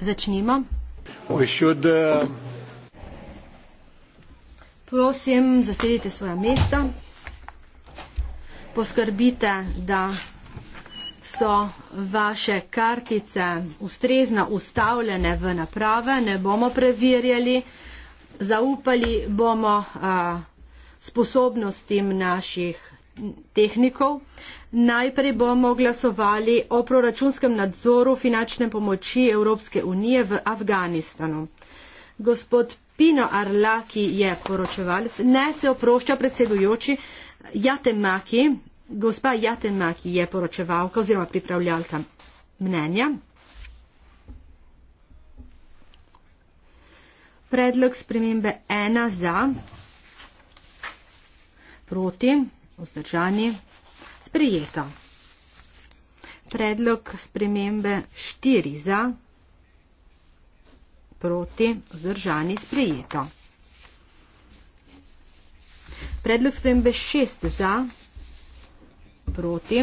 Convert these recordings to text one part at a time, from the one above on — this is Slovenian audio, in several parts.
Začnimo. Uh, Prosim, zasedite svoja mesta. Poskrbite, da so vaše kartice ustrezno ustavljene v naprave, ne bomo preverjali. Zaupali bomo a, uh, sposobnostim naših tehnikov. Najprej bomo glasovali o proračunskem nadzoru finančne pomoči Evropske unije v Afganistanu. Gospod Pino Arla, ki je poročevalec, ne se oprošča predsedujoči Jatemaki. Gospa Jatemaki je poročevalka oziroma pripravljalka mnenja. Predlog spremembe ena za, proti, vzdržani, sprejeto. Predlog spremembe 4 za, proti, vzdržani, sprejeto. Predlog spremembe 6 za, proti,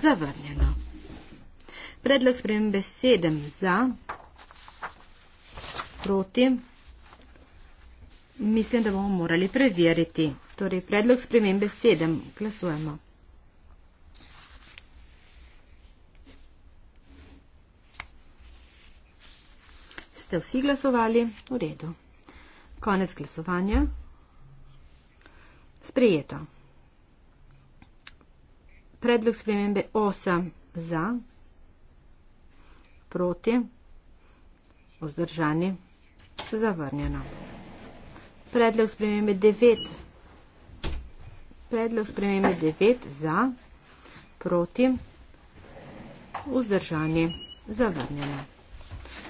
zavrnjeno. Predlog spremembe 7 za, proti, mislim, da bomo morali preveriti. Torej, predlog spremembe sedem. Glasujemo. Ste vsi glasovali? V redu. Konec glasovanja. Sprejeto. Predlog spremembe 8 za, proti, vzdržani, zavrnjeno. Predlog spremembe 9 za predlog spremembe 9 za, proti, vzdržanje, zavrnjeno.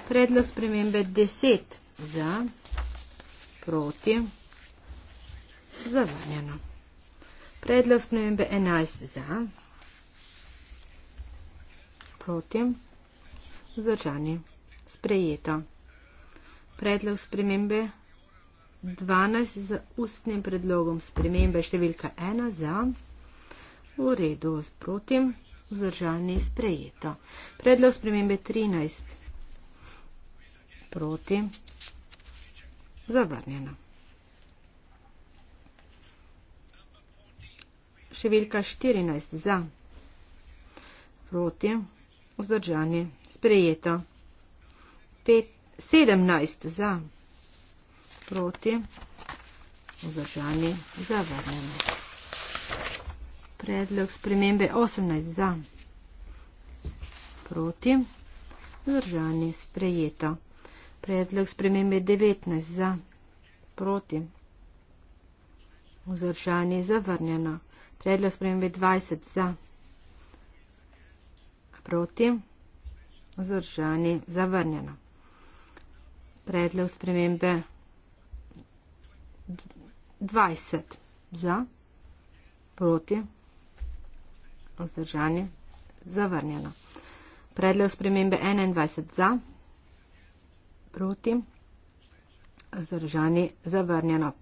Predlog spremembe 10 za, proti, zavrnjeno. Predlog spremembe 11 za, proti, vzdržanje, sprejeto. Predlog spremembe 11 za, proti, vzdržanje, sprejeto. 12 z ustnim predlogom spremembe številka 1 za. V redu, proti, vzdržani sprejeto. Predlog spremembe 13 proti, zavrnjeno. Številka 14 za, proti, vzdržani sprejeto. 5, 17 za proti, vzdržani, zavrnjeni. Predlog spremembe 18 za, proti, vzdržani, sprejeta. Predlog spremembe 19 za, proti, vzdržani, zavrnjeno. Predlog spremembe 20 za, proti, vzdržani, zavrnjeno. Predlog spremembe 21. 20 za, proti, vzdržanje, zavrnjeno. Predlog spremembe 21 za, proti, vzdržanje, zavrnjeno.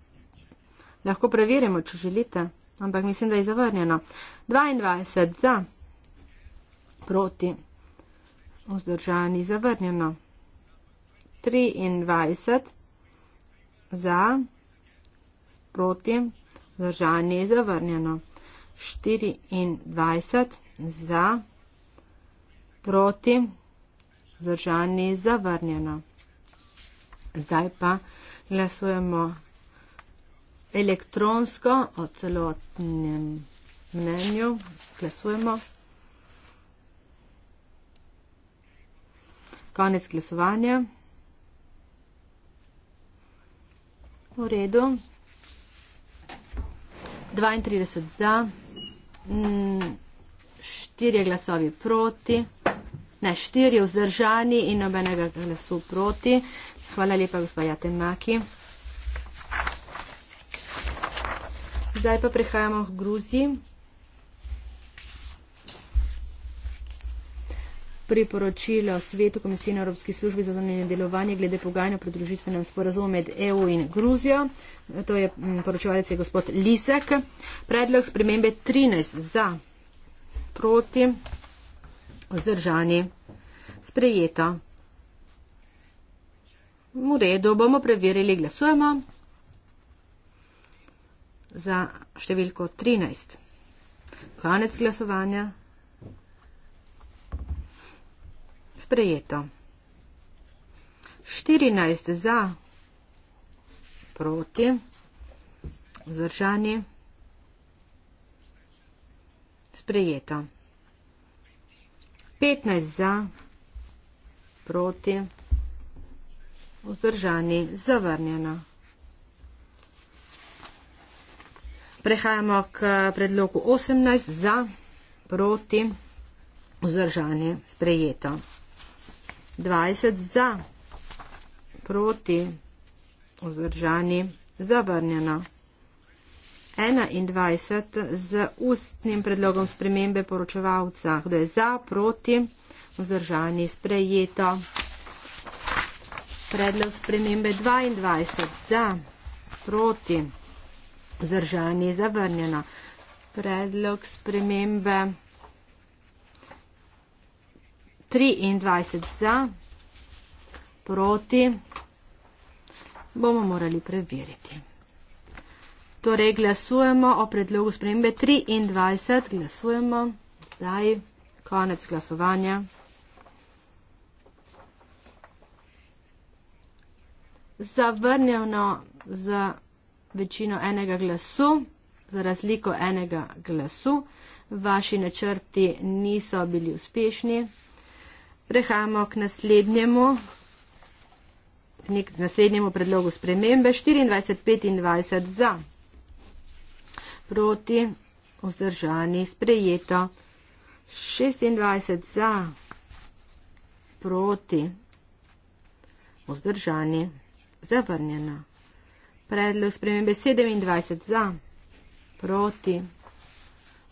Lahko preverimo, če želite, ampak mislim, da je zavrnjeno. 22 za, proti, vzdržanje, zavrnjeno. 23 za, proti, vzdržanje, zavrnjeno proti, vzdržanje je zavrnjeno. 24 za, proti, vzdržanje je zavrnjeno. Zdaj pa glasujemo elektronsko o celotnem mnenju. Glasujemo. Konec glasovanja. V redu. 32 za, 4 mm, glasovi proti, ne, 4 vzdržani in nobenega glasu proti. Hvala lepa, gospod Jatemaki. Zdaj pa prehajamo v Gruziji. priporočilo svetu Komisije na Evropski službi za zunanje delovanje glede pogajanja o pridružitvenem sporazumu med EU in Gruzijo. To je mm, poročevalec je gospod Lisek. Predlog spremembe 13 za proti vzdržani sprejeta. V redu bomo preverili, glasujemo za številko 13. Konec glasovanja. sprejeto. 14 za, proti, vzdržani, sprejeto. 15 za, proti, vzdržani, zavrnjeno. Prehajamo k predlogu 18 za, proti, vzdržani, sprejeto. 20 za, proti, vzdržani, zavrnjeno. 21 z ustnim predlogom spremembe poročevalca, kdo je za, proti, vzdržani, sprejeto. Predlog spremembe 22 za, proti, vzdržani, zavrnjeno. Predlog spremembe 22. 23 za, proti, bomo morali preveriti. Torej, glasujemo o predlogu spremembe 23, glasujemo zdaj, konec glasovanja. Zavrnjeno z večino enega glasu, za razliko enega glasu, vaši načrti niso bili uspešni. Prehajamo k naslednjemu, nek, naslednjemu predlogu spremembe 24-25 za, proti, vzdržani, sprejeto 26 za, proti, vzdržani, zavrnjeno. Predlog spremembe 27 za, proti,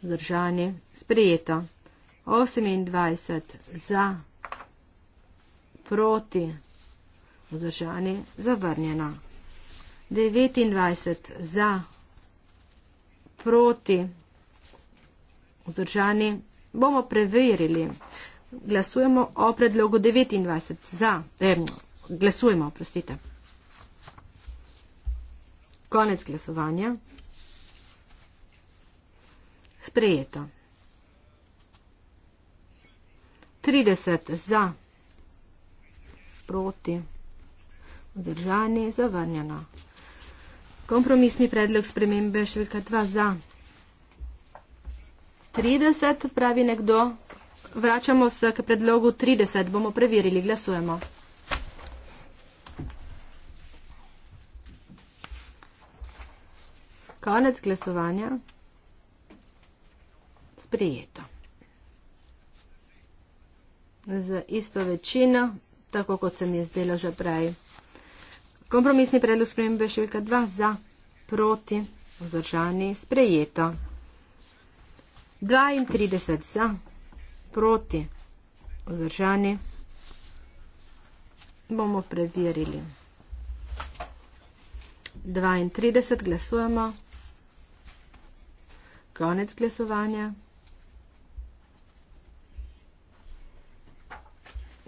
vzdržani, sprejeto 28 za, proti proti. Vzdržanje zavrnjeno. 29 za, proti, vzdržani, bomo preverili. Glasujemo o predlogu 29 za, eh, glasujemo, prosite. Konec glasovanja. Sprejeto. 30 za proti. Vzdržani, zavrnjeno. Kompromisni predlog spremembe številka 2 za. 30, pravi nekdo. Vračamo se k predlogu 30, bomo preverili, glasujemo. Konec glasovanja. Sprijeto. Z isto večino tako kot se mi je zdelo že prej. Kompromisni predlog spremembe številka 2 za, proti, vzdržani, sprejeto. 32 za, proti, vzdržani. Bomo preverili. 32 glasujemo. Konec glasovanja.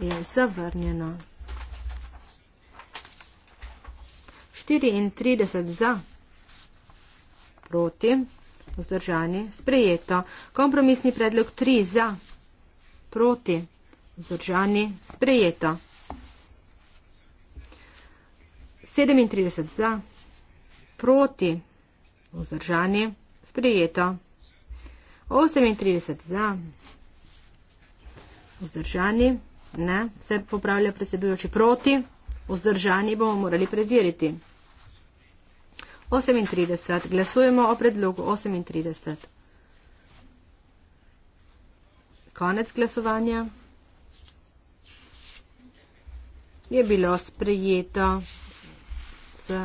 je zavrnjeno. 34 za, proti, vzdržani, sprejeto. Kompromisni predlog 3 za, proti, vzdržani, sprejeto. 37 za, proti, vzdržani, sprejeto. 38 za, vzdržani, sprejeto. Ne? Se popravlja predsedujoči proti, vzdržani bomo morali preveriti. 38. Glasujemo o predlogu 38. Konec glasovanja. Je bilo sprejeto z,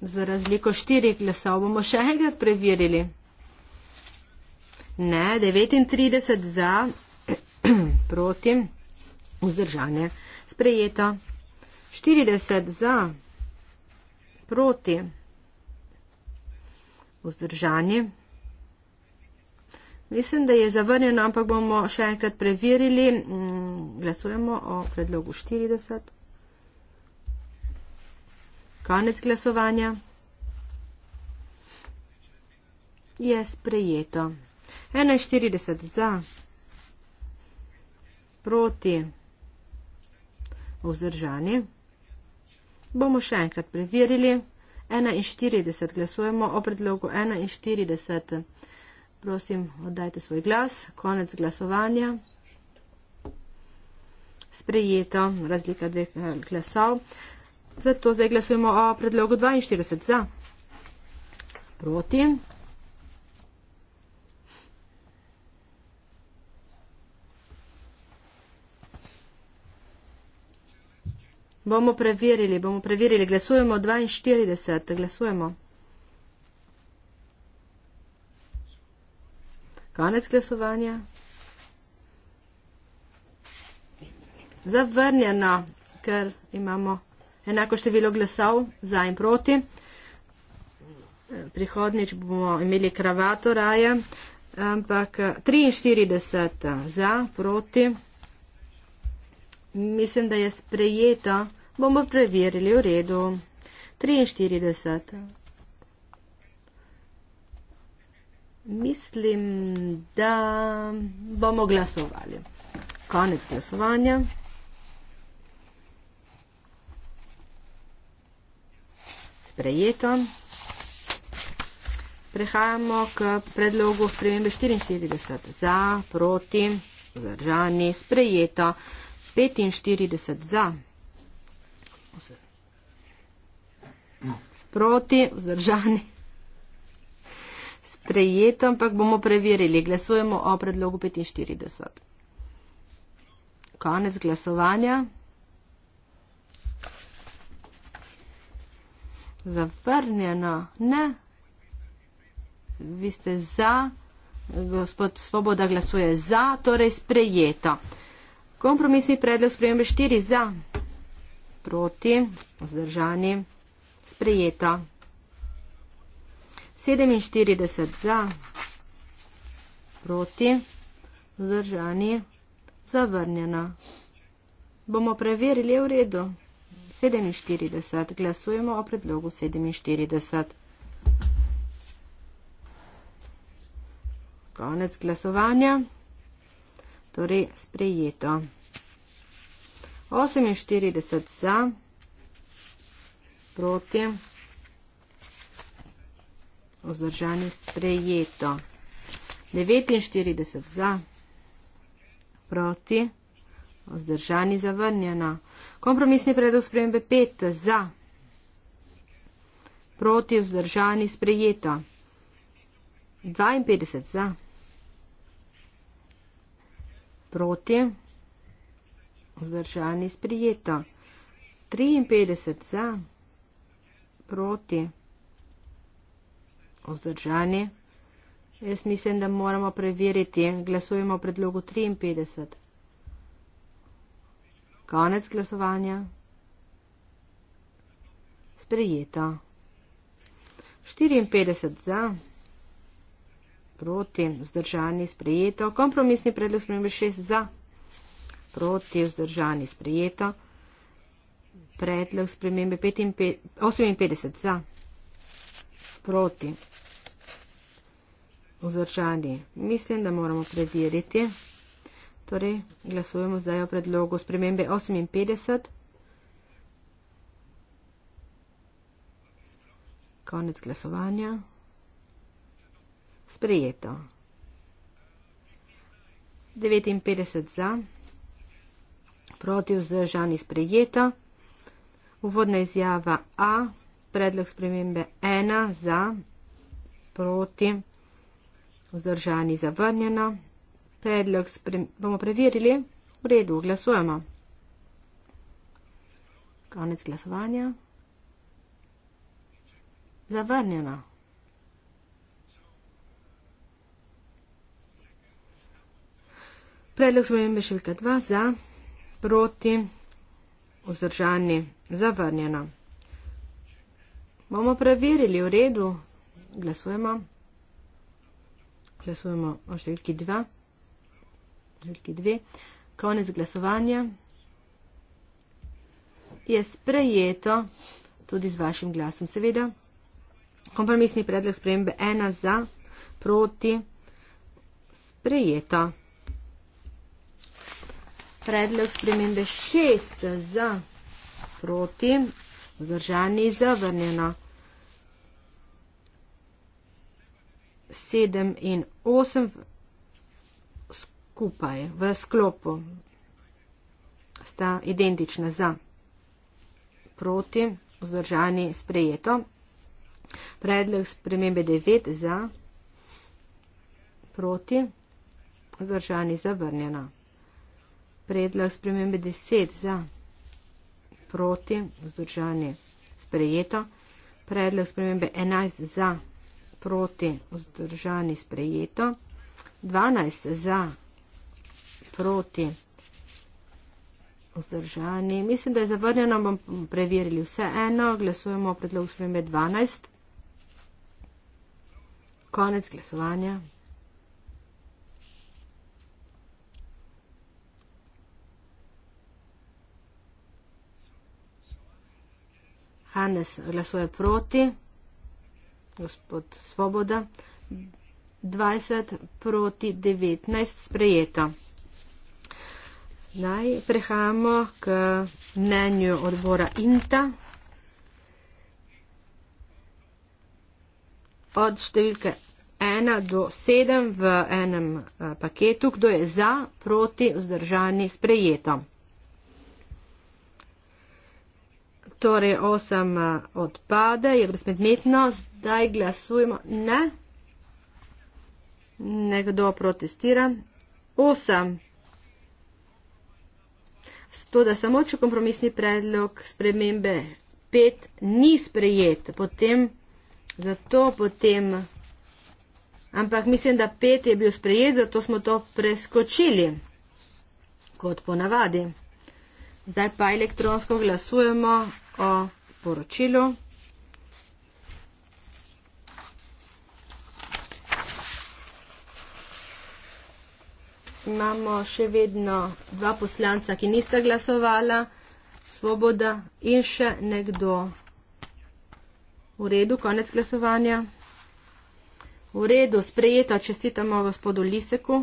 z razliko štirih glasov. Bomo še enkrat preverili. Ne, 39 za, proti, vzdržanje sprejeto. 40 za, proti, vzdržanje. Mislim, da je zavrnjeno, ampak bomo še enkrat preverili. Mm, glasujemo o predlogu 40. Konec glasovanja. Je sprejeto. 41 za proti vzdržani. Bomo še enkrat preverili. 41 glasujemo o predlogu 41. Prosim, oddajte svoj glas. Konec glasovanja. Sprejeto razlika dveh eh, glasov. Zato zdaj glasujemo o predlogu 42 za. Proti. Bomo preverili, bomo preverili. Glasujemo 42, glasujemo. Konec glasovanja. Zavrnjeno, ker imamo enako število glasov za in proti. Prihodnič bomo imeli kravato raje, ampak 43 za, proti. Mislim, da je sprejeto. Bomo preverili v redu. 43. Mislim, da bomo glasovali. Konec glasovanja. Sprejeto. Prehajamo k predlogu spremembe 44. Za, proti, zdržani, sprejeto. 45 za. proti, vzdržani. Sprejeto, ampak bomo preverili. Glasujemo o predlogu 45. Konec glasovanja. Zavrnjeno. Ne. Vi ste za. Gospod Svoboda glasuje za, torej sprejeto. Kompromisni predlog sprejeme štiri za, proti, vzdržani sprejeta. 47 za, proti, zdržani, zavrnjena. Bomo preverili v redu. 47. Glasujemo o predlogu 47. Konec glasovanja. Torej, sprejeto. 48 za proti. Ozdržanje sprejeto. 49 za, proti, ozdržani zavrnjeno. Kompromisni predlog spremembe 5 za, proti, ozdržani sprejeto. 52 za, proti, ozdržani sprejeto. 53 za, proti proti, vzdržani. Jaz mislim, da moramo preveriti. Glasujemo o predlogu 53. Konec glasovanja. Sprejeto. 54 za, proti, vzdržani, sprejeto. Kompromisni predlog smo imeli 6 za, proti, vzdržani, sprejeto predlog spremembe 58 za, proti, vzdržani. Mislim, da moramo preveriti. Torej, glasujemo zdaj o predlogu spremembe 58. Konec glasovanja. Sprejeto. 59 za, proti vzdržani sprejeto. Uvodna izjava A, predlog spremembe 1 za, proti, vzdržani zavrnjeno. Predlog sprem bomo preverili. V redu, glasujemo. Konec glasovanja. Zavrnjeno. Predlog spremembe številka 2 za, proti, vzdržani zavrnjeno. Zavrnjeno. Bomo preverili v redu. Glasujemo. Glasujemo o številki 2. Številki 2. Konec glasovanja. Je sprejeto tudi z vašim glasom, seveda. Kompromisni predlog spremembe 1 za, proti. Sprejeto. Predlog spremembe 6 za proti, vzdržani zavrnjeno. 7 in 8 skupaj v sklopu sta identična za proti, vzdržani sprejeto. Predlog spremembe 9 za proti, vzdržani zavrnjeno. Predlog spremembe 10 za proti proti, vzdržanje sprejeto. Predlog spremembe 11 za, proti, vzdržanje sprejeto. 12 za, proti, vzdržanje. Mislim, da je zavrnjeno, bom preverili vse eno. Glasujemo o predlogu spremembe 12. Konec glasovanja. Hannes glasuje proti, gospod Svoboda, 20 proti 19 sprejeto. Naj prehajamo k mnenju odbora INTA. Od številke 1 do 7 v enem eh, paketu, kdo je za, proti, vzdržani, sprejeto. torej 8 eh, odpade, je brezpredmetno, zdaj glasujemo. Ne. Nekdo protestira. 8. To, da samo če kompromisni predlog spremembe 5 ni sprejet, potem zato potem. Ampak mislim, da 5 je bil sprejet, zato smo to preskočili, kot ponavadi. Zdaj pa elektronsko glasujemo o poročilu. Imamo še vedno dva poslanca, ki nista glasovala, svoboda in še nekdo. V redu, konec glasovanja. V redu, sprejeta, čestitamo gospodu Liseku.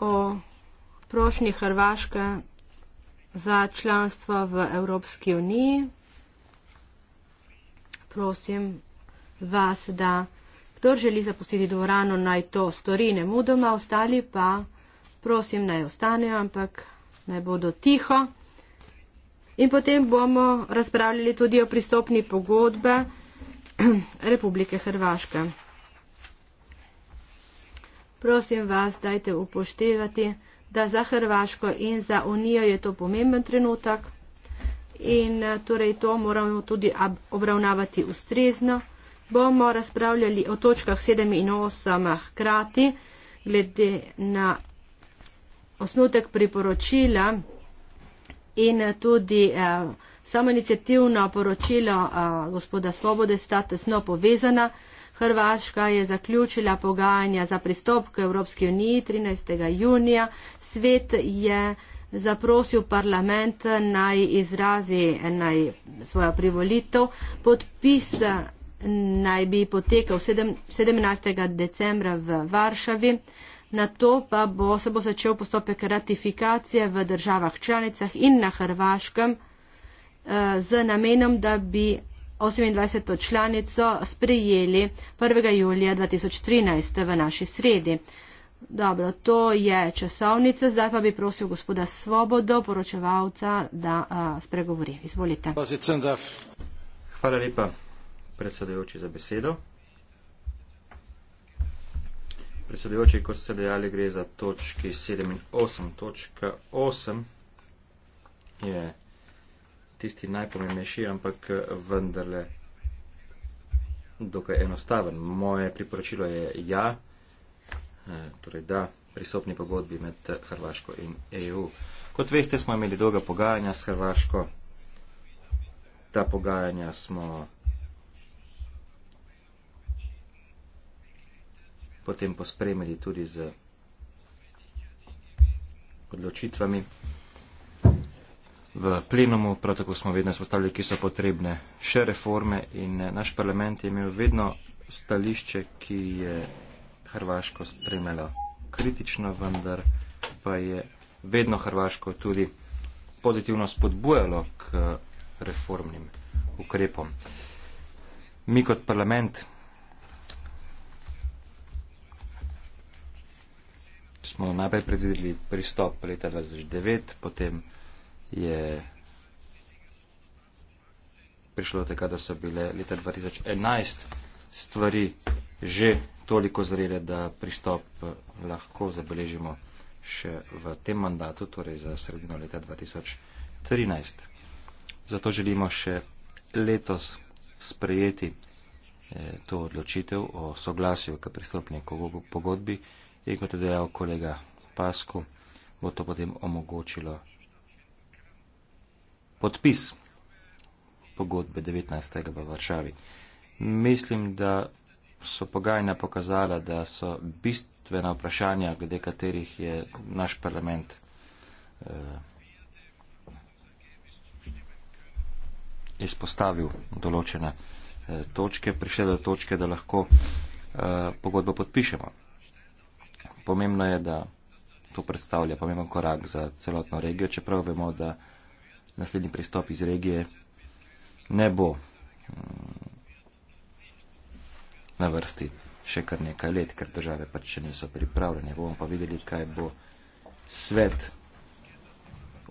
o prošnji Hrvaške za članstvo v Evropski uniji. Prosim vas, da kdo želi zapustiti dvorano, naj to stori nemudoma, ostali pa prosim naj ostanejo, ampak naj bodo tiho. In potem bomo razpravljali tudi o pristopni pogodbe Republike Hrvaške prosim vas, dajte upoštevati, da za Hrvaško in za Unijo je to pomemben trenutek in eh, torej to moramo tudi obravnavati ustrezno. Bomo razpravljali o točkah 7 in 8 hkrati, glede na osnutek priporočila in eh, tudi eh, samo inicijativno poročilo eh, gospoda Svobode sta tesno povezana. Hrvaška je zaključila pogajanja za pristop k Evropski uniji 13. junija. Svet je zaprosil parlament naj izrazi naj svojo privolitev. Podpis naj bi potekal 17. decembra v Varšavi. Na to pa bo, se bo začel postopek ratifikacije v državah članicah in na Hrvaškem eh, z namenom, da bi 28. članico sprejeli 1. julija 2013 v naši sredi. Dobro, to je časovnica, zdaj pa bi prosil gospoda Svobodo, poročevalca, da a, spregovori. Izvolite. Hvala lepa, predsedujoči, za besedo. Predsedujoči, kot ste dejali, gre za točki 7 in 8. Točka 8 je tisti najpomembnejši, ampak vendarle dokaj enostaven. Moje priporočilo je ja, e, torej da, prisopni pogodbi med Hrvaško in EU. Kot veste, smo imeli dolga pogajanja s Hrvaško. Ta pogajanja smo potem pospremili tudi z odločitvami v plenumu, prav tako smo vedno spostavili, ki so potrebne še reforme in eh, naš parlament je imel vedno stališče, ki je Hrvaško spremljalo kritično, vendar pa je vedno Hrvaško tudi pozitivno spodbujalo k reformnim ukrepom. Mi kot parlament smo najprej predvideli pristop leta 2009, potem je prišlo do tega, da so bile leta 2011 stvari že toliko zrele, da pristop eh, lahko zabeležimo še v tem mandatu, torej za sredino leta 2013. Zato želimo še letos sprejeti eh, to odločitev o soglasju k pristopni pogodbi in kot je dejal kolega Pasko, bo to potem omogočilo podpis pogodbe 19. v Varšavi. Mislim, da so pogajanja pokazala, da so bistvena vprašanja, glede katerih je naš parlament eh, izpostavil določene eh, točke, prišle do točke, da lahko eh, pogodbo podpišemo. Pomembno je, da to predstavlja pomemben korak za celotno regijo, čeprav vemo, da eh, naslednji pristop iz regije ne bo mm, na vrsti še kar nekaj let, ker države pač še niso pripravljene. Bomo pa videli, kaj bo svet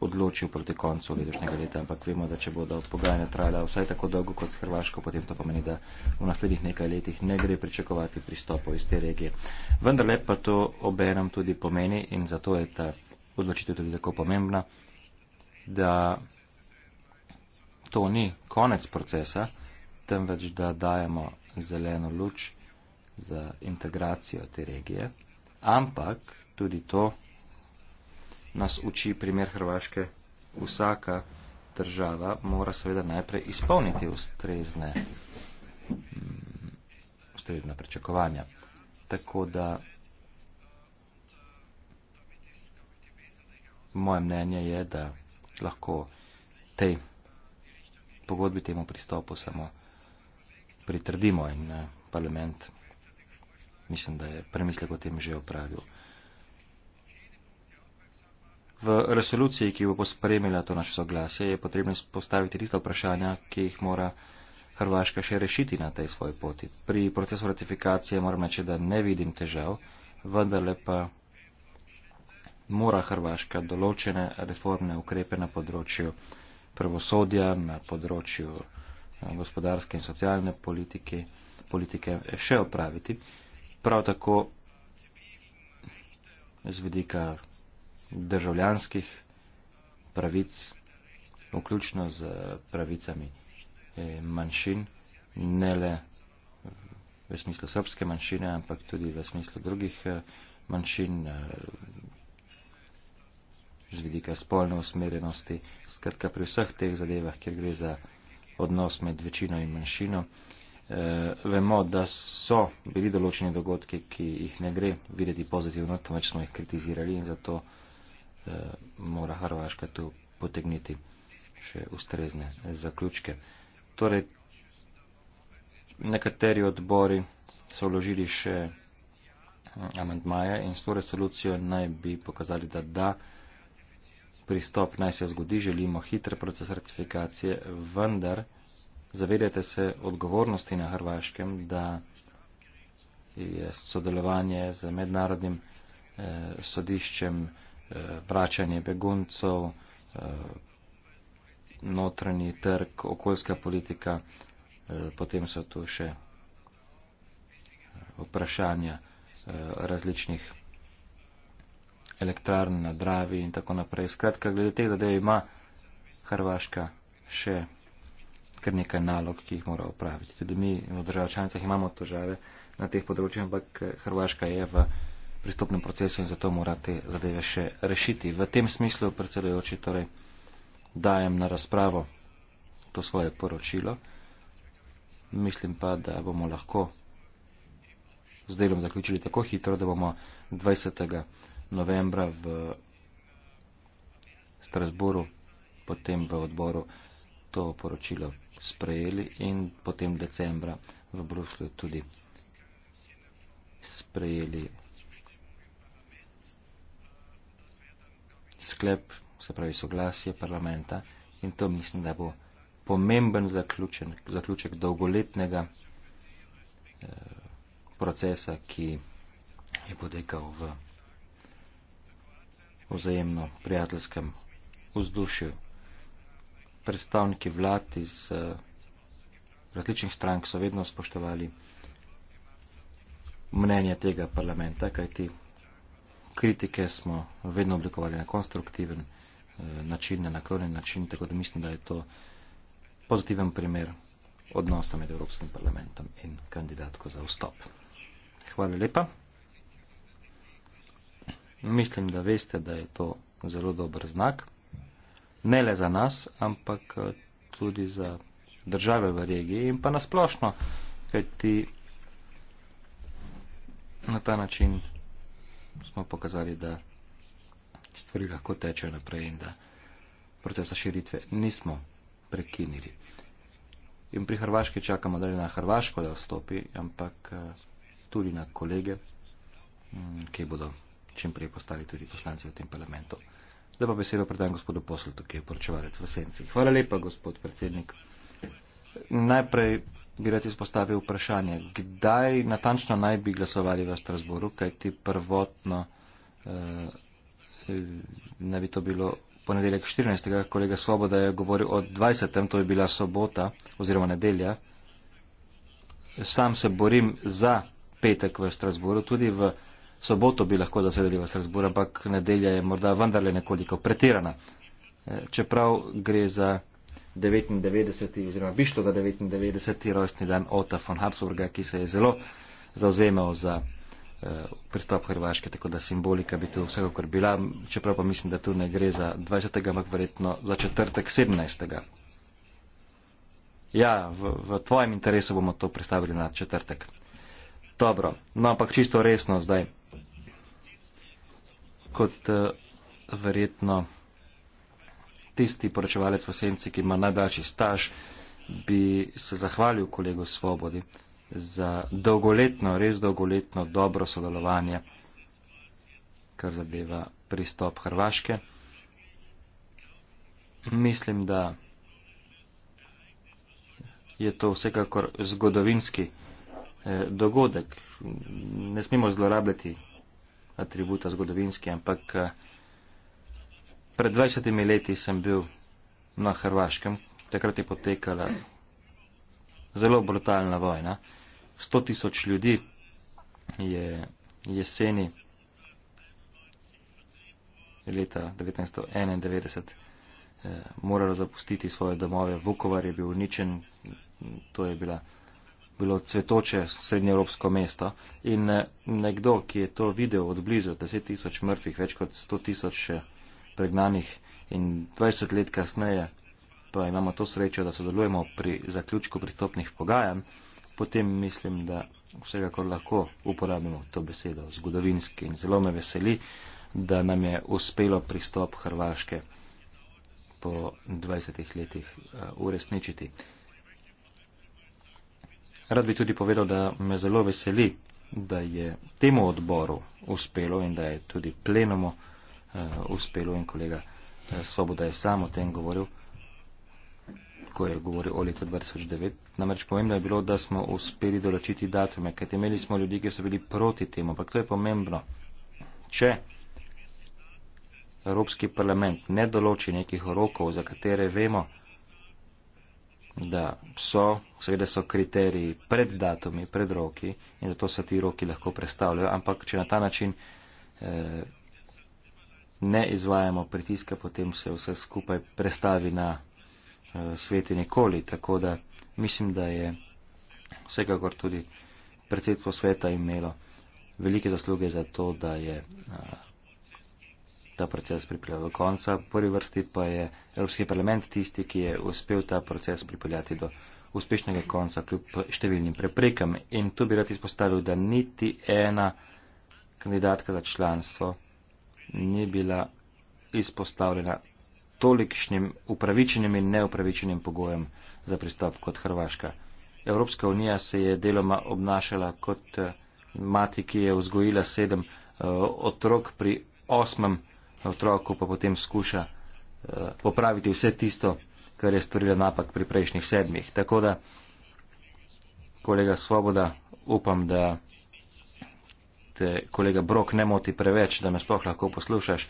odločil proti koncu letošnjega leta, ampak vemo, da če bodo pogajanja trajala vsaj tako dolgo kot s Hrvaško, potem to pomeni, da v naslednjih nekaj letih ne gre pričakovati pristopov iz te regije. Vendar pa to obenem tudi pomeni in zato je ta odločitev tudi tako pomembna, da to ni konec procesa, temveč da dajemo zeleno luč za integracijo te regije. Ampak tudi to nas uči primer Hrvaške. Vsaka država mora seveda najprej izpolniti ustrezne, mm, ustrezne prečakovanja. Tako da moje mnenje je, da lahko tej pogodbi, temu pristopu samo pritrdimo in eh, parlament, mislim, da je premislek o tem že opravil. V resoluciji, ki bo pospremila to naše soglase, je potrebno postaviti tista vprašanja, ki jih mora Hrvaška še rešiti na tej svoji poti. Pri procesu ratifikacije moram reči, da ne vidim težav, vendar lepa mora Hrvaška določene reformne ukrepe na področju pravosodja, na področju eh, gospodarske in socialne politike, politike še opraviti. Prav tako z vidika državljanskih pravic, vključno z pravicami eh, manjšin, ne le v smislu srpske manjšine, ampak tudi v smislu drugih eh, manjšin, z vidika spolne usmerjenosti, skratka pri vseh teh zadevah, kjer gre za odnos med večino in manjšino, eh, vemo, da so bili določeni dogodki, ki jih ne gre videti pozitivno, temveč smo jih kritizirali in zato eh, mora Hrvaška tu potegniti še ustrezne zaključke. Torej, nekateri odbori so vložili še eh, amantmaje in s to resolucijo naj bi pokazali, da da, pristop naj se zgodi, želimo hitre proces ratifikacije, vendar zavedajte se odgovornosti na Hrvaškem, da je sodelovanje z mednarodnim eh, sodiščem, eh, vračanje beguncov, eh, notranji trg, okoljska politika, eh, potem so tu še eh, vprašanja eh, različnih elektrarn na Dravi in tako naprej. Skratka, glede tega, da ima Hrvaška še kar nekaj nalog, ki jih mora upraviti. Tudi mi v državah članicah imamo težave na teh področjih, ampak Hrvaška je v pristopnem procesu in zato mora te zadeve še rešiti. V tem smislu, predsedujoči, torej dajem na razpravo to svoje poročilo. Mislim pa, da bomo lahko z delom zaključili tako hitro, da bomo 20 novembra v Strasburu, potem v odboru to poročilo sprejeli in potem decembra v Bruslju tudi sprejeli sklep, se pravi soglasje parlamenta in to mislim, da bo pomemben zaključen, zaključek dolgoletnega eh, procesa, ki je potekal v vzajemno prijateljskem vzdušju. Predstavniki vlad iz eh, različnih strank so vedno spoštovali mnenje tega parlamenta, kajti kritike smo vedno oblikovali na konstruktiven eh, način, na naklonjen način, tako da mislim, da je to pozitiven primer odnosa med Evropskim parlamentom in kandidatko za vstop. Hvala lepa. Mislim, da veste, da je to zelo dober znak, ne le za nas, ampak eh, tudi za države v regiji in pa nasplošno, kajti na ta način smo pokazali, da stvari lahko tečejo naprej in da procesa širitve nismo prekinili. In pri Hrvaški čakamo dalje na Hrvaško, da vstopi, ampak eh, tudi na kolege, mm, ki bodo čim prej postali tudi poslanci v tem parlamentu. Zdaj pa besedo predajam gospodu Posletu, ki je poročevalec v Senci. Hvala lepa, gospod predsednik. Najprej bi rad izpostavil vprašanje, kdaj natančno naj bi glasovali v Strasboru, kaj ti prvotno eh, naj bi to bilo ponedeljek 14. kolega Svoboda je govoril o 20. to je bila sobota oziroma nedelja. Sam se borim za petek v Strasboru, tudi v soboto bi lahko zasedali v Strasbourg, ampak nedelja je morda vendarle nekoliko pretirana. E, čeprav gre za 99. oziroma bišto za 99. rojstni dan Ota von Habsburga, ki se je zelo zauzemal za uh, pristop Hrvaške, tako da simbolika bi tu vsekakor bila, čeprav pa mislim, da tu ne gre za 20. ampak verjetno za četrtek 17. Ja, v, v tvojem interesu bomo to predstavili na četrtek. Dobro, no ampak čisto resno zdaj. Kot uh, verjetno tisti poročevalec v senci, ki ima najdaljši staž, bi se zahvalil kolegu Svobodi za dolgoletno, res dolgoletno dobro sodelovanje, kar zadeva pristop Hrvaške. Mislim, da je to vsekakor zgodovinski. Eh, dogodek. Ne smemo zlorabljati atributa zgodovinski, ampak eh, pred 20 leti sem bil na Hrvaškem, takrat je potekala zelo brutalna vojna. 100 tisoč ljudi je jeseni leta 1991 eh, moralo zapustiti svoje domove. Vukovar je bil uničen, to je bila bilo cvetoče srednjeevropsko mesto in eh, nekdo, ki je to videl od blizu, 10 tisoč mrtvih, več kot 100 tisoč pregnanih in 20 let kasneje, pa imamo to srečo, da sodelujemo pri zaključku pristopnih pogajanj, potem mislim, da vsekakor lahko uporabimo to besedo zgodovinski in zelo me veseli, da nam je uspelo pristop Hrvaške po 20 letih eh, uresničiti. Uh, Rad bi tudi povedal, da me zelo veseli, da je temu odboru uspelo in da je tudi plenomo uh, eh, uspelo in kolega uh, Svoboda je sam o tem govoril, ko je govoril o letu 2009. Namreč pomembno je bilo, da smo uspeli določiti datume, kajti imeli smo ljudi, ki so bili proti temu, ampak to je pomembno. Če Evropski parlament ne določi nekih rokov, za katere vemo, da so, seveda so kriteriji pred datumi, pred roki in zato se ti roki lahko predstavljajo, ampak če na ta način eh, ne izvajamo pritiska, potem se vse skupaj predstavi na eh, sveti nikoli. Tako da mislim, da je vsekakor tudi predsedstvo sveta imelo velike zasluge za to, da je. Eh, ta proces pripeljal do konca. V prvi vrsti pa je Evropski parlament tisti, ki je uspel ta proces pripeljati do uspešnega konca kljub številnim preprekam. In tu bi rad izpostavil, da niti ena kandidatka za članstvo ni bila izpostavljena tolikšnim upravičenim in neupravičenim pogojem za pristop kot Hrvaška. Evropska unija se je deloma obnašala kot eh, mati, ki je vzgojila sedem uh, otrok pri osmem na otroku, pa potem skuša eh, popraviti vse tisto, kar je storila napak pri prejšnjih sedmih. Tako da, kolega Svoboda, upam, da te kolega Brok ne moti preveč, da me sploh lahko poslušaš.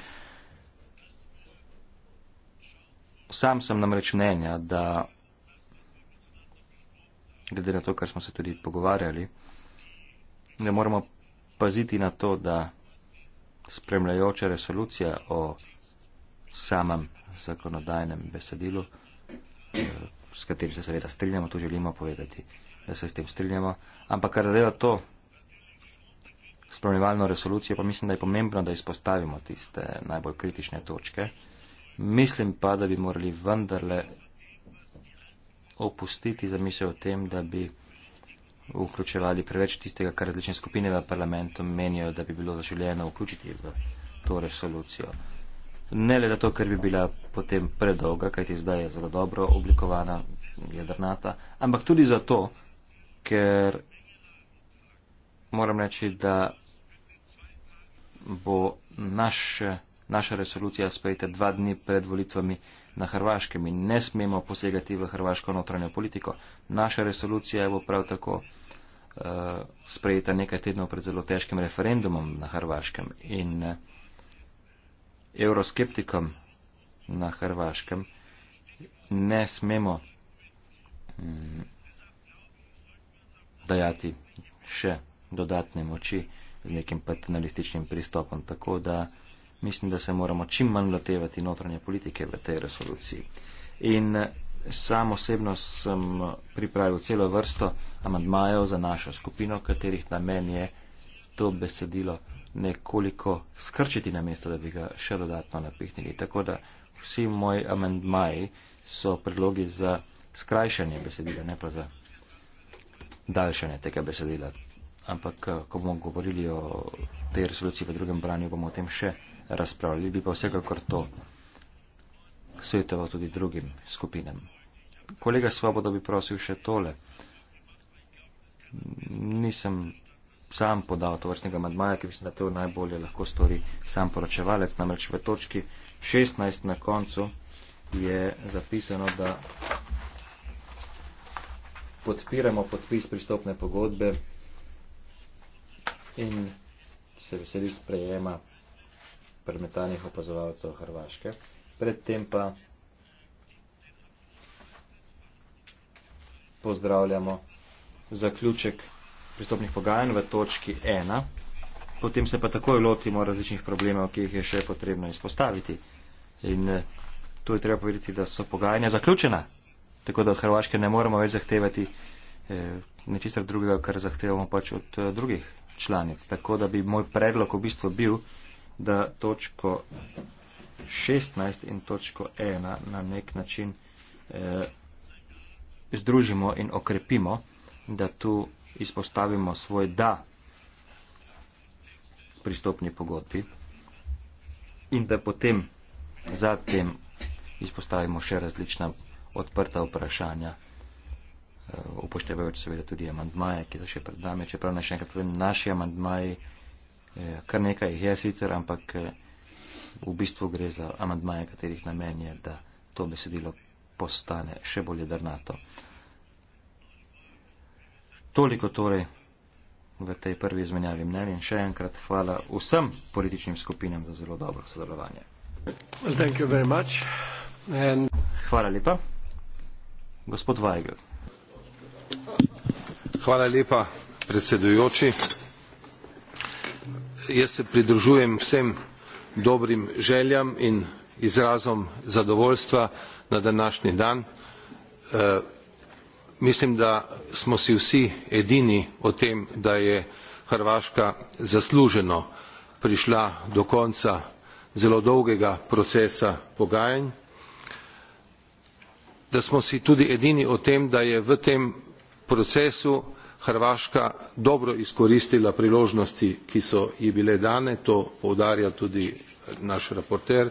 Sam sem namreč mnenja, da glede na to, kar smo se tudi pogovarjali, da moramo paziti na to, da spremljajoča resolucija o samem zakonodajnem besedilu, eh, s katerim se seveda strinjamo, tu želimo povedati, da se s tem strinjamo, ampak kar zadeva to spremljevalno resolucijo, pa mislim, da je pomembno, da izpostavimo tiste najbolj kritične točke. Mislim pa, da bi morali vendarle opustiti zamisel o tem, da bi vključevali preveč tistega, kar različne skupine v parlamentu menijo, da bi bilo zaželjeno vključiti v to resolucijo. Ne le zato, ker bi bila potem predolga, kajti zdaj je zelo dobro oblikovana jedrnata, ampak tudi zato, ker moram reči, da bo naš, naša resolucija sprejeta dva dni pred volitvami na Hrvaškem in ne smemo posegati v hrvaško notranjo politiko. Naša resolucija bo prav tako uh, sprejeta nekaj tednov pred zelo težkim referendumom na Hrvaškem in uh, eh, euroskeptikom na Hrvaškem ne smemo um, dajati še dodatne moči z nekim paternalističnim pristopom, tako da mislim, da se moramo čim manj lotevati notranje politike v tej resoluciji. In uh, Sam osebno sem pripravil celo vrsto amandmajev za našo skupino, katerih namen je to besedilo nekoliko skrčiti na mesto, da bi ga še dodatno napihnili. Tako da vsi moji amandmaji so predlogi za skrajšanje besedila, ne pa za daljšanje tega besedila. Ampak, eh, ko bomo govorili o tej resoluciji v drugem branju, bomo o tem še razpravljali, bi pa vsekakor to svetoval tudi drugim skupinam. Kolega Svoboda bi prosil še tole. Nisem sam podal to vrstnega madmaja, ki mislim, da to najbolje lahko stori sam poročevalec. Namreč v točki 16 na koncu je zapisano, da podpiramo podpis pristopne pogodbe in se veseli sprejema premetanih opazovalcev Hrvaške predtem pa pozdravljamo zaključek pristopnih pogajanj v točki 1. Potem se pa takoj lotimo različnih problemov, ki jih je še potrebno izpostaviti. In eh, tu je treba povedati, da so pogajanja zaključena, tako da od Hrvaške ne moremo več zahtevati eh, nečistar drugega, kar zahtevamo pač od eh, drugih članic. Tako da bi moj predlog v bistvu bil, da točko 16 in točko 1 na nek način eh, združimo in okrepimo, da tu izpostavimo svoj da pristopni pogodbi in da potem zatem izpostavimo še različna odprta vprašanja, eh, upoštevajoč seveda tudi amandmaje, ki so še pred nami, čeprav naj še enkrat povem, naši amandmaji, eh, kar nekaj jih je sicer, ampak. Eh, v bistvu gre za amandmaje, katerih namen je, da to besedilo postane še bolje drnato. Toliko torej v tej prvi izmenjavi mnenj in še enkrat hvala vsem političnim skupinam za zelo dobro sodelovanje. Hvala lepa. Gospod Vajgl. Hvala lepa, predsedujoči. Jaz se pridružujem vsem dobrim željam in izrazom zadovoljstva na današnji dan. E, mislim, da smo si vsi edini o tem, da je Hrvaška zasluženo prišla do konca zelo dolgega procesa pogajanj, da smo si tudi edini o tem, da je v tem procesu Hrvaška dobro izkoristila priložnosti, ki so ji bile dane, to poudarja tudi naš raporter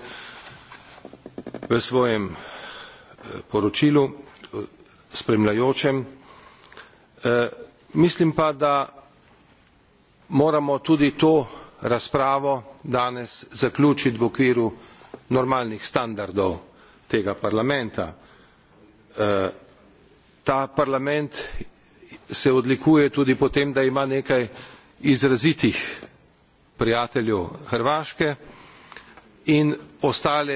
v svojem eh, poročilu eh, spremljajočem. Eh, mislim pa, da moramo tudi to razpravo danes zaključiti v okviru normalnih standardov tega parlamenta. Ta parlament se odlikuje tudi po tem, da ima nekaj izrazitih prijateljev Hrvaške in ostale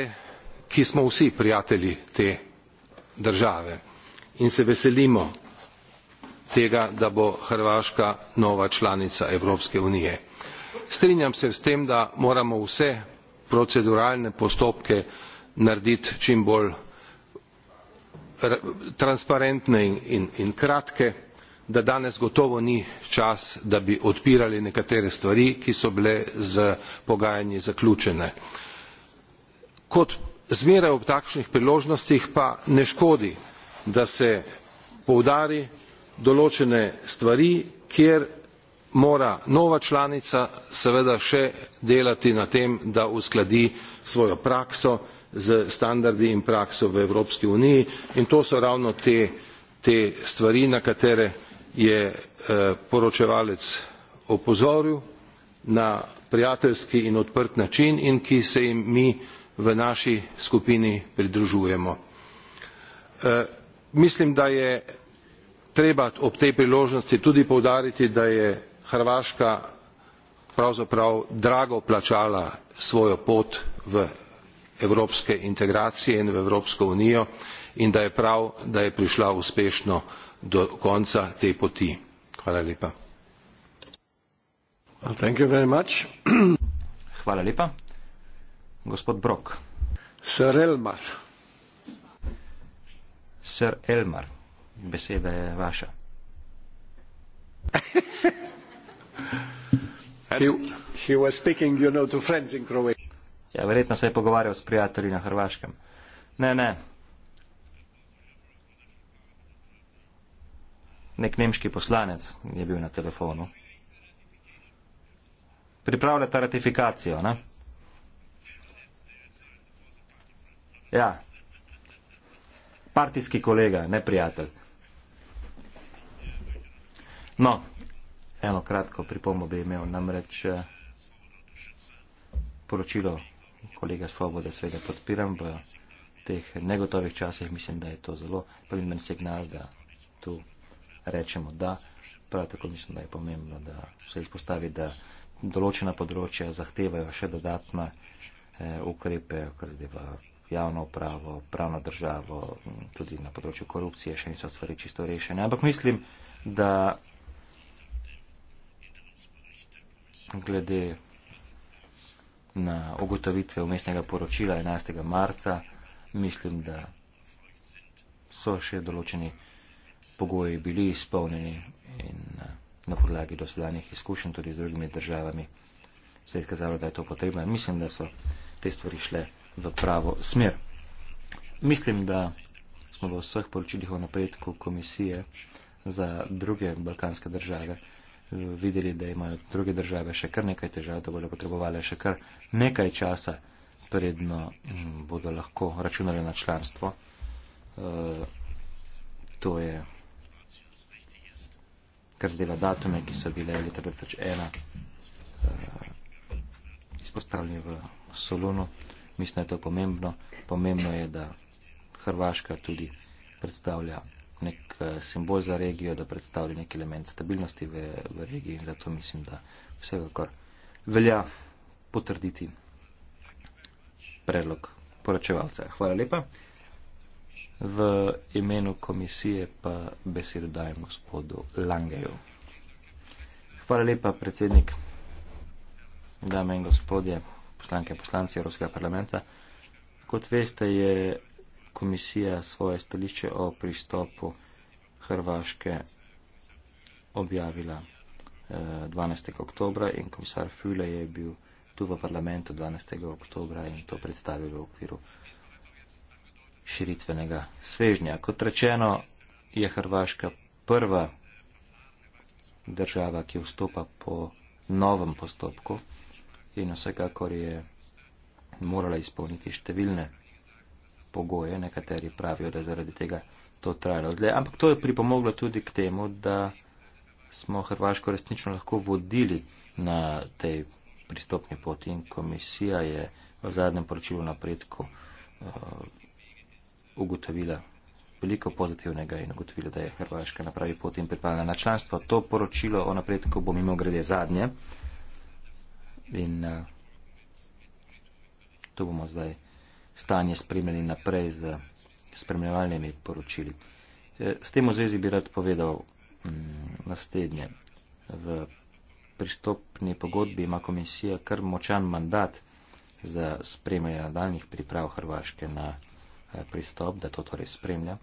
ki smo vsi prijatelji te države in se veselimo tega da bo hrvaška nova članica evropske unije strinjam se s tem da moramo vse proceduralne postopke narediti čim bolj transparentne in, in, in kratke da danes gotovo ni čas da bi odpirali nekatere stvari ki so bile z pogajanji zaključene kot zmeraj ob takšnih priložnostih pa ne škodi da se poudari določene stvari kjer mora nova članica seveda še delati na tem da uskladi svojo prakso s standardi in prakso v evropski uniji in to so ravno te, te stvari na katere je eh, poročevalec opozoril na prijateljski in odprt način in ki se jim mi v naši skupini pridružujemo. E, mislim da je treba ob tej priložnosti tudi poudariti da je hrvaška pravzaprav drago plačala svojo pot v evropske integracije in v evropsko unijo in da je prav da je prišla uspešno do konca te poti. gospod Brok. Sir Elmar. Sir Elmar, beseda je vaša. he, he speaking, you know, ja, verjetno se je pogovarjal s prijatelji na Hrvaškem. Ne, ne. Nek nemški poslanec je bil na telefonu. Pripravljate ratifikacijo, ne? Ja, partijski kolega, ne prijatelj. No, eno kratko pripomo bi imel namreč eh, poročilo kolega Svobode, svega podpiram v teh negotovih časih, mislim, da je to zelo pomemben signal, da tu rečemo da, prav tako mislim, da je pomembno, da se izpostavi, da določena področja zahtevajo še dodatna eh, ukrepe, kar je v javno pravo, pravno državo, tudi na področju korupcije še niso stvari čisto rešene. Ampak mislim, da glede na ugotovitve umestnega poročila 11. marca, mislim, da so še določeni pogoji bili izpolnjeni in eh, na podlagi dosedanjih izkušenj tudi z drugimi državami se je izkazalo, da je to potrebno. Mislim, da so te stvari šle v pravo smer. Mislim, da smo v vseh poročilih o napredku komisije za druge balkanske države eh, videli, da imajo druge države še kar nekaj težav, da bodo potrebovali še kar nekaj časa, predno mm, bodo lahko računali na članstvo. Eh, to je kar zdaj datume, ki so bile leta 2001 eh, izpostavljeni v Solunu. Mislim, da je to pomembno. Pomembno je, da Hrvaška tudi predstavlja nek eh, simbol za regijo, da predstavlja nek element stabilnosti v, v regiji in da to mislim, da vse kakor velja potrditi predlog poročevalca. Hvala lepa. V imenu komisije pa besedo dajem gospodu Langeju. Hvala lepa, predsednik. Dame in gospodje poslanke in poslanci Evropskega parlamenta. Kot veste, je komisija svoje stališče o pristopu Hrvaške objavila 12. Eh, oktobra in komisar Füle je bil tu v parlamentu 12. oktobra in to predstavil v okviru širitvenega svežnja. Kot rečeno, je Hrvaška prva država, ki vstopa po novem postopku in vsekakor je morala izpolniti številne pogoje, nekateri pravijo, da je zaradi tega to trajalo dlje, ampak to je pripomoglo tudi k temu, da smo Hrvaško resnično lahko vodili na tej pristopni poti in komisija je v zadnjem poročilu napredku uh, ugotovila veliko pozitivnega in ugotovila, da je Hrvaška na pravi poti in pripravljena na članstvo. To poročilo o napredku bo mimo grede zadnje. Uh, In uh, eh, tu bomo zdaj stanje spremljali naprej z spremljevalnimi poročili. Eh, s tem v zvezi bi rad povedal mm, naslednje. V pristopni pogodbi ima komisija kar močan mandat za spremljanje nadaljnih priprav Hrvaške na eh, pristop, da to torej spremlja.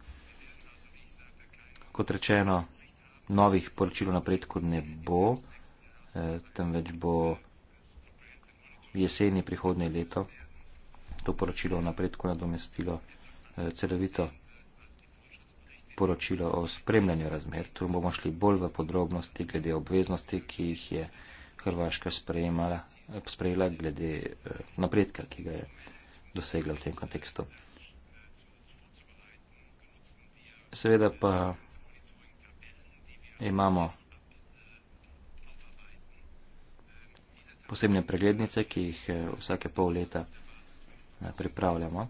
Kot rečeno, novih poročil napredku ne bo, temveč bo jeseni prihodnje leto to poročilo o napredku nadomestilo eh, celovito poročilo o spremljanju razmer. Tu bomo šli bolj v podrobnosti glede obveznosti, ki jih je Hrvaška sprejela glede eh, napredka, ki ga je dosegla v tem kontekstu. Seveda pa imamo posebne preglednice, ki jih eh, vsake pol leta eh, pripravljamo,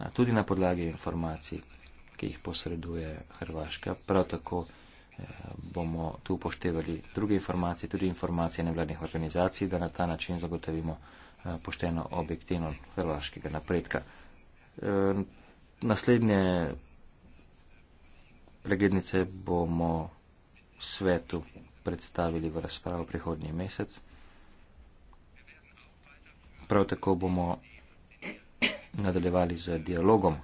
eh, tudi na podlagi informacij, ki jih posreduje Hrvaška. Prav tako bomo tu upoštevali druge informacije, tudi informacije nevladnih organizacij, da na ta način zagotovimo pošteno objektivno hrvaškega napredka. Naslednje preglednice bomo svetu predstavili v razpravo prihodnji mesec. Prav tako bomo nadaljevali z dialogom,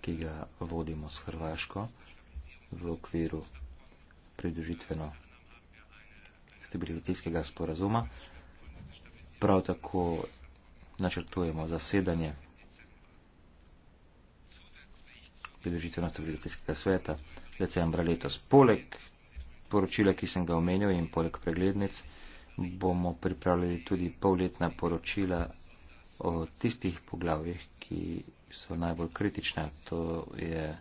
ki ga vodimo s Hrvaško v okviru pridružitveno stabilizacijskega sporazuma. Prav tako načrtujemo zasedanje pridružitveno stabilizacijskega sveta decembra letos. Poleg poročila, ki sem ga omenil in poleg preglednic, bomo pripravljali tudi polletna poročila o tistih poglavjih, ki so najbolj kritična. To je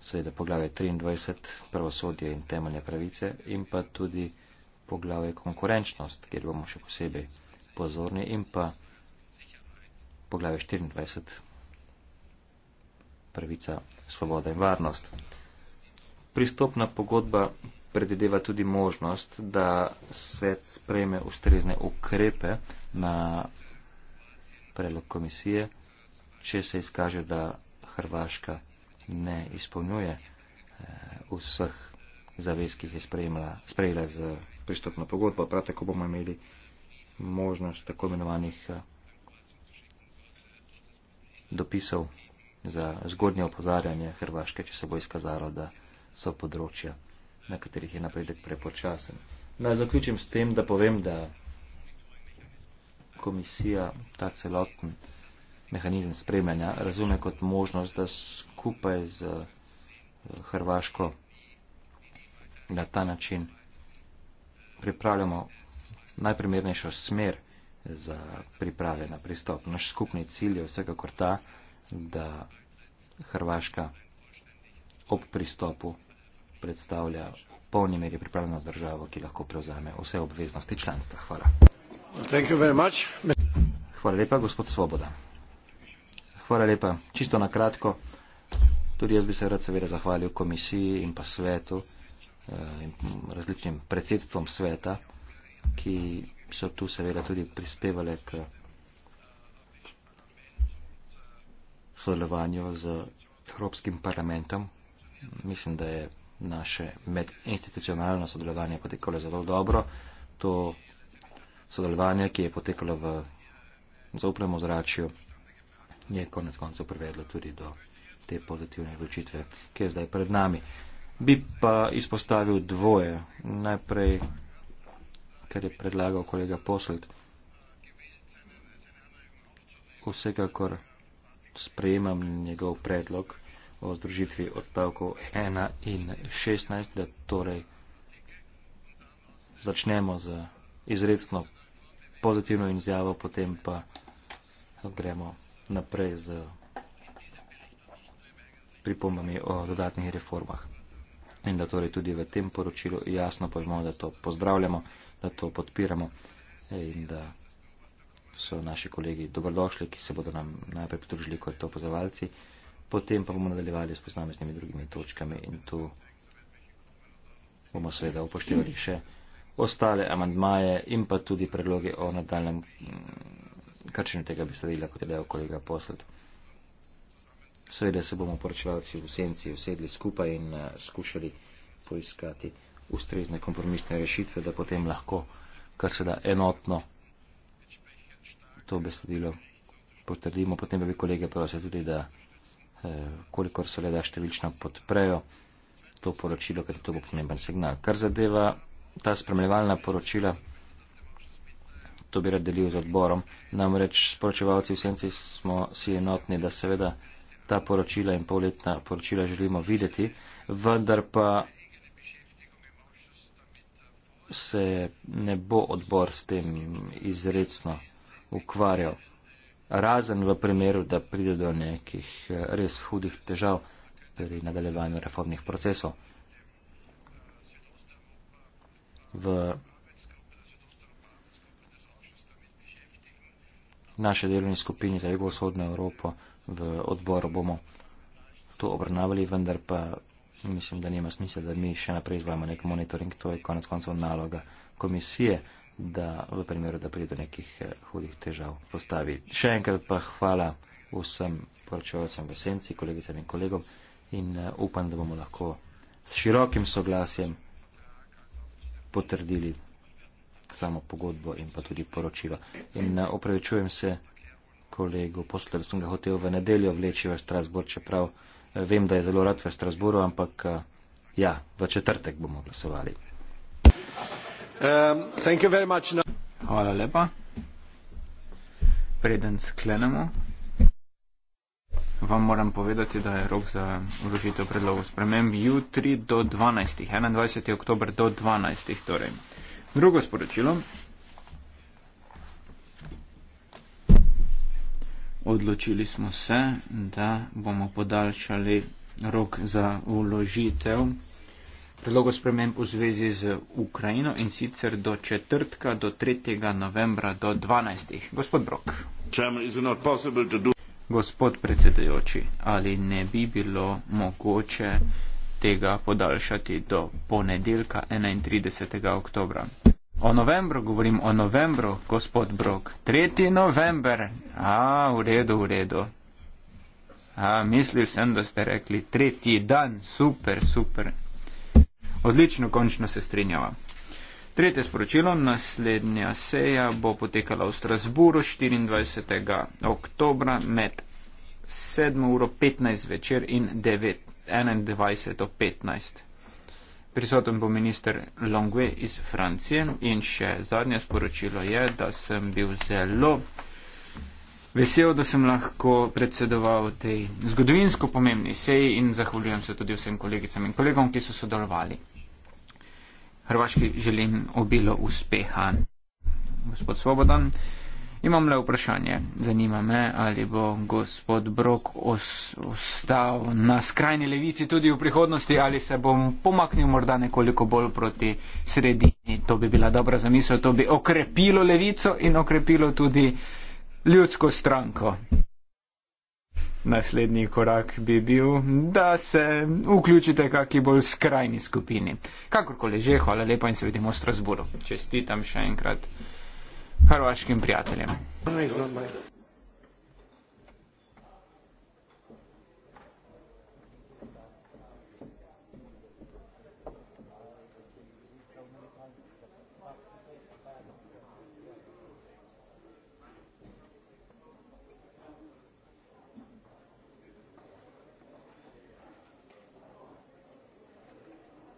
seveda poglavje 23, pravosodje in temeljne pravice in pa tudi poglavje konkurenčnost, kjer bomo še posebej pozorni in pa poglavje 24, pravica, svoboda in varnost. Pristopna pogodba predvideva tudi možnost, da svet sprejme ustrezne ukrepe na predlog komisije, če se izkaže, da Hrvaška ne izpolnjuje eh, vseh zavez, ki jih je sprejela z pristopno pogodbo. Prav tako bomo imeli možnost tako imenovanih eh, dopisov za zgodnje opozarjanje Hrvaške, če se bo izkazalo, da so področja na katerih je napredek prepočasen. Naj zaključim s tem, da povem, da komisija ta celoten mehanizem spremljanja razume kot možnost, da skupaj z eh, Hrvaško na ta način pripravljamo najprimernejšo smer za priprave na pristop. Naš skupni cilj je vsekakor ta, da Hrvaška ob pristopu predstavlja v polni meri pripravljeno državo, ki lahko prevzame vse obveznosti članstva. Hvala. Hvala lepa, gospod Svoboda. Hvala lepa. Čisto na kratko, tudi jaz bi se rad seveda zahvalil komisiji in pa svetu eh, in različnim predsedstvom sveta, ki so tu seveda tudi prispevali k sodelovanju z Evropskim parlamentom. Mislim, da je naše medinstitucionalno sodelovanje potekalo zelo dobro. To sodelovanje, ki je potekalo v zaupnem ozračju, je konec koncev privedlo tudi do te pozitivne odločitve, ki je zdaj pred nami. Bi pa izpostavil dvoje. Najprej, kar je predlagal kolega Posled, vsekakor sprejemam njegov predlog o združitvi odstavkov 1 in 16, da torej začnemo z izredno pozitivno izjavo, potem pa gremo naprej z pripombami o dodatnih reformah. In da torej tudi v tem poročilu jasno povemo, da to pozdravljamo, da to podpiramo in da so naši kolegi dobrodošli, ki se bodo nam najprej pridružili kot opozovalci potem pa bomo nadaljevali s posameznimi drugimi točkami in tu bomo seveda upoštevali še ostale amandmaje in pa tudi predloge o nadaljem mm, krčenju tega besedila, kot je dejal kolega posled. Seveda se bomo poročevalci v senci usedli skupaj in eh, skušali poiskati ustrezne kompromisne rešitve, da potem lahko kar se da enotno to besedilo potrdimo. Potem bi kolege prosil tudi, da Eh, kolikor se le da številčno podprejo to poročilo, ker to bo pomemben signal. Kar zadeva ta spremljevalna poročila, to bi rad delil z odborom, namreč sporočevalci v senci smo si enotni, da seveda ta poročila in polletna poročila želimo videti, vendar pa se ne bo odbor s tem izredno ukvarjal razen v primeru, da pride do nekih eh, res hudih težav pri nadaljevanju reformnih procesov. V naše delovni skupini za jugovzhodno Evropo v odboru bomo to obravnavali, vendar pa mislim, da nima smisla, da mi še naprej izvajamo nek monitoring, to je konec koncev naloga komisije, da v primeru, da pride do nekih eh, hudih težav postavi. Še enkrat pa hvala vsem poročevalcem v senci, kolegicam in kolegom in eh, upam, da bomo lahko s širokim soglasjem potrdili samo pogodbo in pa tudi poročilo. In eh, opravičujem se kolegu posle, da sem ga hotel v nedeljo vleči v Strasbor, čeprav vem, da je zelo rad v Strasboru, ampak ja, v četrtek bomo glasovali. Um, hvala lepa preden sklenemo vam moram povedati da je rok za vložitev predlogov sprememb jutri do 12 21 oktober do 12 torej drugo sporočilo odločili smo se da bomo podaljšali rok za vložitev predlogov sprememb v zvezi z Ukrajino in sicer do četrtka, do 3. novembra, do 12. Gospod Brok. Gospod predsedajoči, ali ne bi bilo mogoče tega podaljšati do ponedeljka 31. oktobra? O novembru govorim, o novembru, gospod Brok. 3. november. A, v redu, v redu. A, mislil sem, da ste rekli tretji dan. Super, super. Odlično, končno se strinjava. Tretje sporočilo, naslednja seja bo potekala v Strasburu 24. oktobra med 7.15 večer in 21.15. Prisoten bo minister Longue iz Francije in še zadnje sporočilo je, da sem bil zelo vesel, da sem lahko predsedoval tej zgodovinsko pomembni seji in zahvaljujem se tudi vsem kolegicam in kolegom, ki so sodelovali. Hrvaški želim obilo uspeha. Gospod Svobodan, imam le vprašanje. Zanima me, ali bo gospod Brok os ostal na skrajni levici tudi v prihodnosti, ali se bom pomaknil morda nekoliko bolj proti sredini. To bi bila dobra zamisel, to bi okrepilo levico in okrepilo tudi ljudsko stranko naslednji korak bi bil, da se vključite kakšni bolj skrajni skupini. Kakorkoli že, hvala lepa in se vidimo v Strasburu. Čestitam še enkrat hrvaškim prijateljem.